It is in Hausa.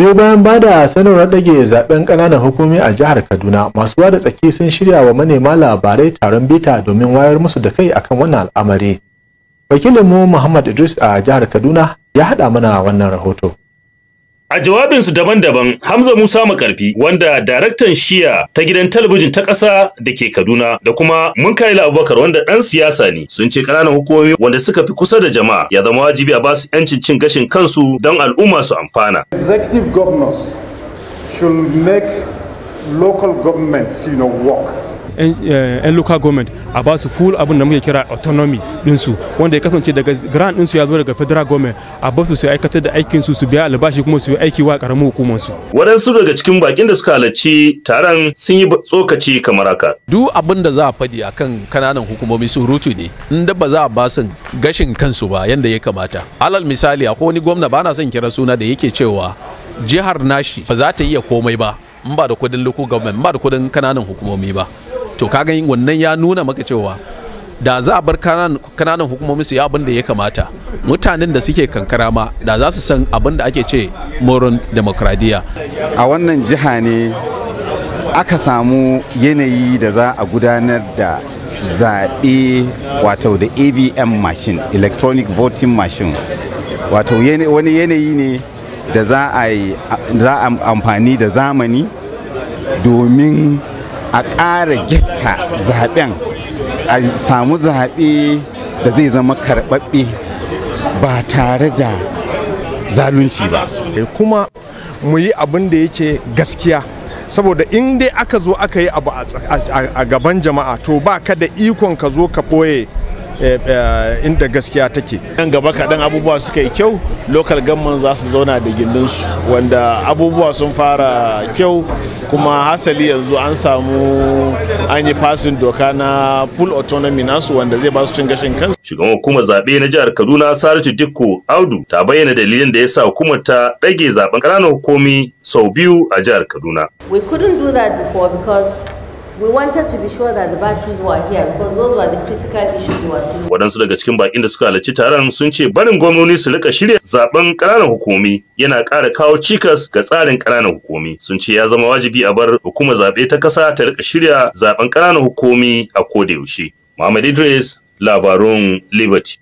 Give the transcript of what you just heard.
sai bayan ba da sanarwar ɗage zaben ƙananan hukumi a jihar kaduna masu ruwa da tsaki sun shirya wa manema labarai taron bita domin wayar musu da kai akan wannan al'amari wakilinmu muhammad idris a jihar kaduna ya haɗa mana wannan rahoto A jawabinsu daban-daban, Hamza Musa Makarfi, wanda daraktan Shiya ta gidan talabijin ta ƙasa da ke Kaduna, da kuma munkayila Abubakar wanda ɗan siyasa ne, sun ce ƙananan hukumomi wanda suka fi kusa da jama'a ya zama wajibi a basu 'yancin cin gashin kansu don al'umma su amfana. Executive governors should make local governments, you know, work. Eh, 'yan local government a ba su full abin da muke kira autonomy dinsu wanda ya kasance daga grant dinsu ya zo daga federal government a ba su su aikatar da aikin su su biya albashi kuma su yi aiki wa karamin hukumar su waɗansu daga cikin bakin da suka halarci taron sun yi tsokaci kamar haka duk abin da za a fadi akan kananan hukumomi su rutu ne in da ba za a ba su gashin kansu ba yanda ya kamata alal misali akwai wani gwamna ba na son kira suna da yake cewa jihar nashi ba za ta iya komai ba in ba da kudin local government ba da kudin kananan hukumomi ba to kaga wannan ya nuna maka cewa da za a bar kananan hukumomin su yi abin da ya kamata mutanen da suke kankara ma da za su san abin da ake ce moron demokradiyya a wannan jiha ne aka samu yanayi da za a gudanar da zaɓe wato da avm machine electronic voting machine wato wani yanayi ne da za a amfani da zamani domin a ƙara getta zaɓen a samu zaɓe da zai zama karɓaɓɓe ba tare da zalunci ba eh, kuma mu yi abin da yake gaskiya saboda in dai aka zo aka yi abu a gaban jama'a to ba ka da ikon ka zo ka ɓoye Eh, eh, inda gaskiya take nan gaba kaɗan abubuwa suka yi kyau lokal gamman za su zauna da gindinsu wanda abubuwa sun fara kyau kuma hasali yanzu an samu an yi fasin doka na full autonomy nasu wanda zai ba su cin gashin kansu shugaban hukumar zaɓe na jihar kaduna saratu dikko audu ta bayyana dalilin da ya sa hukumar ta ɗage zaben ƙananan hukumi sau biyu a jihar kaduna we couldn't do that before because we wanted to be sure that the batteries were here because those were the critical issues we were seeing. Waɗansu daga cikin bakin da suka halarci taron sun ce barin gwamnoni su rika shirya zaben ƙananan hukumi yana ƙara kawo cikas ga tsarin ƙananan hukumi. Sun ce ya zama wajibi a bar hukumar zaɓe ta ƙasa ta rika shirya zaben ƙananan hukumi a kodayaushe. yaushe. Muhammad Idris, labarun Liberty.